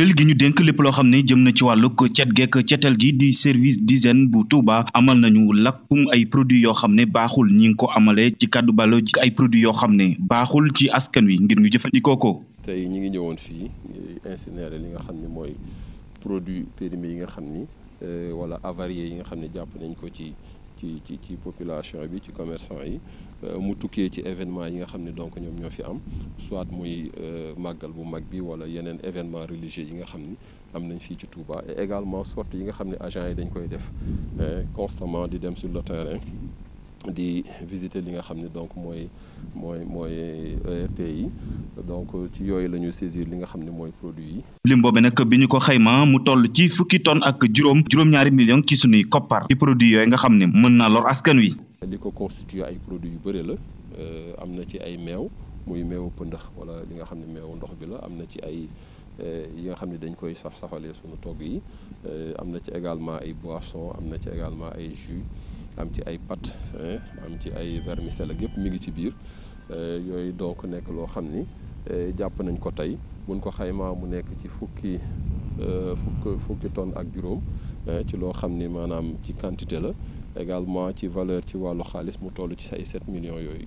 kuréel gi ñu dénk lépp loo xam ne jëm na ci wàllug cet geek cetel gi di service d'hygiène bu Touba amal nañu lakkum ay produit yoo xam ne baaxul ñi ngi ko amalee ci kàddu balo ci ay produit yoo xam ne baaxul ci askan wi ngir ñu jëfandikoo ko. tey ñi ngi ñëwoon fii incinéré li nga xam ne mooy produits périmés yi nga xam ni euh, wala avariés yi nga xam ne jàpp nañ ko ci. ci ci ci population bi ci commerçant yi euh, mu tukkee ci événement yi nga xam ne donc ñoom ñoo fi am soit muy euh, maggal bu mag bi wala yeneen événement religieux yi nga xam ni am nañ fii ci Touba et également sorties yi nga xam ne agents yi dañ koy def constamment di dem sur le terrain di visiter li nga xam ne donc mooy mooy mooy ERP euh, e yi donc euh, ci yooyu la ñu saisir li nga xam ne mooy produit yi. lim boobu nag bi ñu ko xayma mu toll ci fukki tonnes ak juróom juróom-ñaari millions ci suñuy koppar ci produit yooyu nga xam ne mën naa lor askan wi. li ko constitué ay produit yu bëri la euh, am na ci ay meew muy meewu pëndax wala li nga xam ne meewu ndox bi la am na ci ay. yi nga xam ne dañ koy saf safalee suñu togg yi am na ci également ay boissons am na ci également ay jus am ci ay pat eh, am ci ay vermicelle ak yëpp mu ngi ci biir eh, yooyu donc nekk loo xam ni eh, jàpp nañ ko tey buñ ko xaymaa mu nekk ci fukki fukk fukki tonne ak juróom ci loo xam ni maanaam ci quantité la également ci valeur ci wàllu xaalis mu toll ci ay 7 million yooyu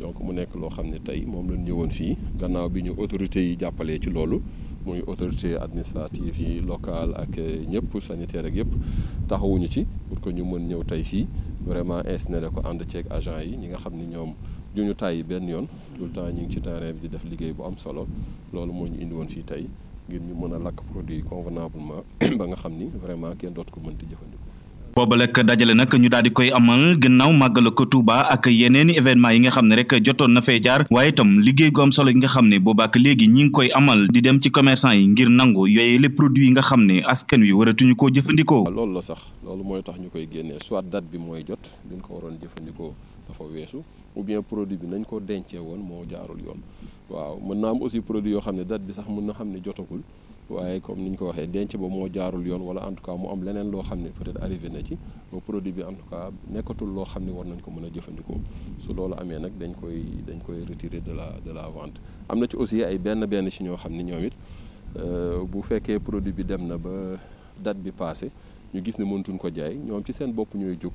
donc mu nekk loo xam ne tey moom lañ ñëwoon fii gannaaw bi ñu autorités yi jàppalee ci loolu muy autorité administrative yi locale ak ñëpp sanitaire ak yëpp taxawuñu ci pour que ñu mën ñëw tey fii vraiment insiné ko ànd ceeg agent yi ñi nga xam ni ñoom du ñu tàyyi benn yoon tout le temps ñu ngi ci terrain bi di def liggéey bu am solo loolu moo ñu indi woon fii tey ngir ñu mën a lakk produit convenablement ba nga xam ni vraiment kenn dootu ko mënti jëfandikoo. booba lek dajale nag ñu daal di koy amal gannaaw màggal ko Touba ak yeneen i événement yi nga xam ne rek jotoon na fee jaar waaye itam liggéey gu solo yi nga xam ne booba ak léegi ñi ngi koy amal di dem ci commerçant yi ngir nangu yooyu les produit yi nga xam ne askan wi waratuñu koo jëfandikoo loolu la sax loolu mooy tax ñu koy génnee soit date bi mooy jot duñ ko waroon jëfandikoo dafa weesu ou bien produit bi nañ ko dencee woon moo jaarul yoon waaw mën na aussi produit yoo xam ne date bi sax mën na xam ne jotagul waaye comme ni ñu ko waxee denc ba moo jaarul yoon wala en tout cas mu am leneen loo xam ne peut-être arrivé na ci ba produit bi en tout cas nekkatul loo xam ne war nañ ko mën a jëfandikoo su loolu amee nag dañ koy dañ koy retirer de la de la vente am na ci aussi ay benn benn ci ñoo xam ne ñoom it euh, bu fekkee produit bi dem na ba date bi passé ñu gis ne mëntuñ ko jaay ñoom ci seen bopp ñooy jóg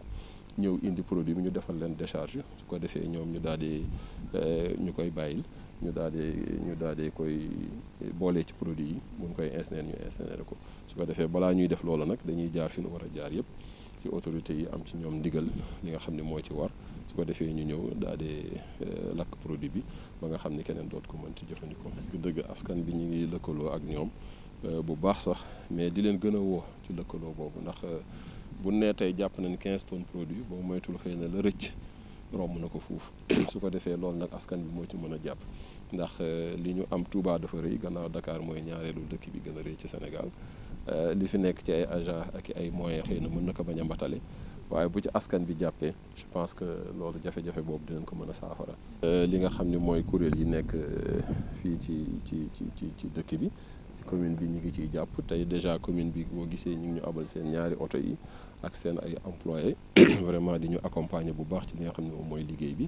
ñëw indi produit bi ñu defal leen décharge su ko defee ñoom ñu daal di euh, ñu koy bàyyil ñu daal di ñu daal di koy boolee ci produit yi buñ koy insérer ñu insérer ko su ko defee balaa ñuy def loolu nag dañuy jaar fi nu war a jaar yëpp ci autorités yi am ci ñoom ndigal li nga xam ne moo ci war su ko defee ñu ñëw daal di eh, lakk produit bi ba nga xam ne keneen doot ko mën ci jëfandikoo. parce que dëgg askan bi ñuy ngi lëkkaloo ak ñoom eh, bu baax sax mais di leen gën a woo ci lëkkaloo boobu ndax eh, bu nee tey jàpp nañ 15 tonnes produit boobu moytul xëy na la rëcc. romb na ko fuuf su ko defee loolu nag askan bi moo ci mën a jàpp ndax euh, li ñu am Touba dafa rëy gannaaw dakaar mooy ñaareelu dëkk bi gën a rëy ci Sénégal euh, li fi nekk ci ay agents ak ay moyens xëy na mën na ko bañ a mbatale waaye bu ci askan bi jàppee je pense que loolu jafe-jafe boobu dinañ ko mën a saafara. Euh, li nga xam ni mooy kuréel yi nekk fii ci ci ci ci dëkk bi. commune bi ñu ngi ciy jàpp tey déjà commune bi boo gisee ñu ngi ñu abal seen ñaari oto yi ak seen ay employés vraiment di ñu accompagner bu baax ci li nga xam ne moom mooy liggéey bi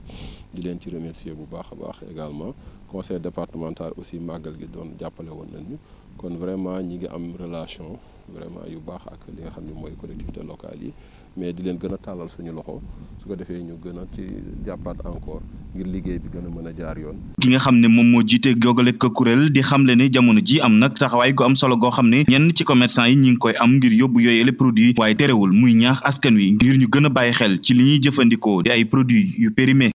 di leen ci remercier bu baax a baax également conseil départemental aussi màggal gi doon jàppale woon nañu kon vraiment ñi ngi am relation vraiment yu baax ak li nga xam ne mooy collectivités locale yi mais di leen gën a tàllal suñu loxo su ko defee ñu gën a ci jàppaat encore ngir liggéey bi gën a a jaar yoon. ki nga xam ne moom moo jiite gogale ko kuréel di xamle ne jamono ji am nag taxawaay gu am solo goo xam ne ñenn ci commerçant yi ñu ngi koy am ngir yóbbu yooyu les produits waaye terewul muy ñaax askan wi ngir ñu gën a bàyyi xel ci li ñuy jëfandikoo di ay produit yu périmés.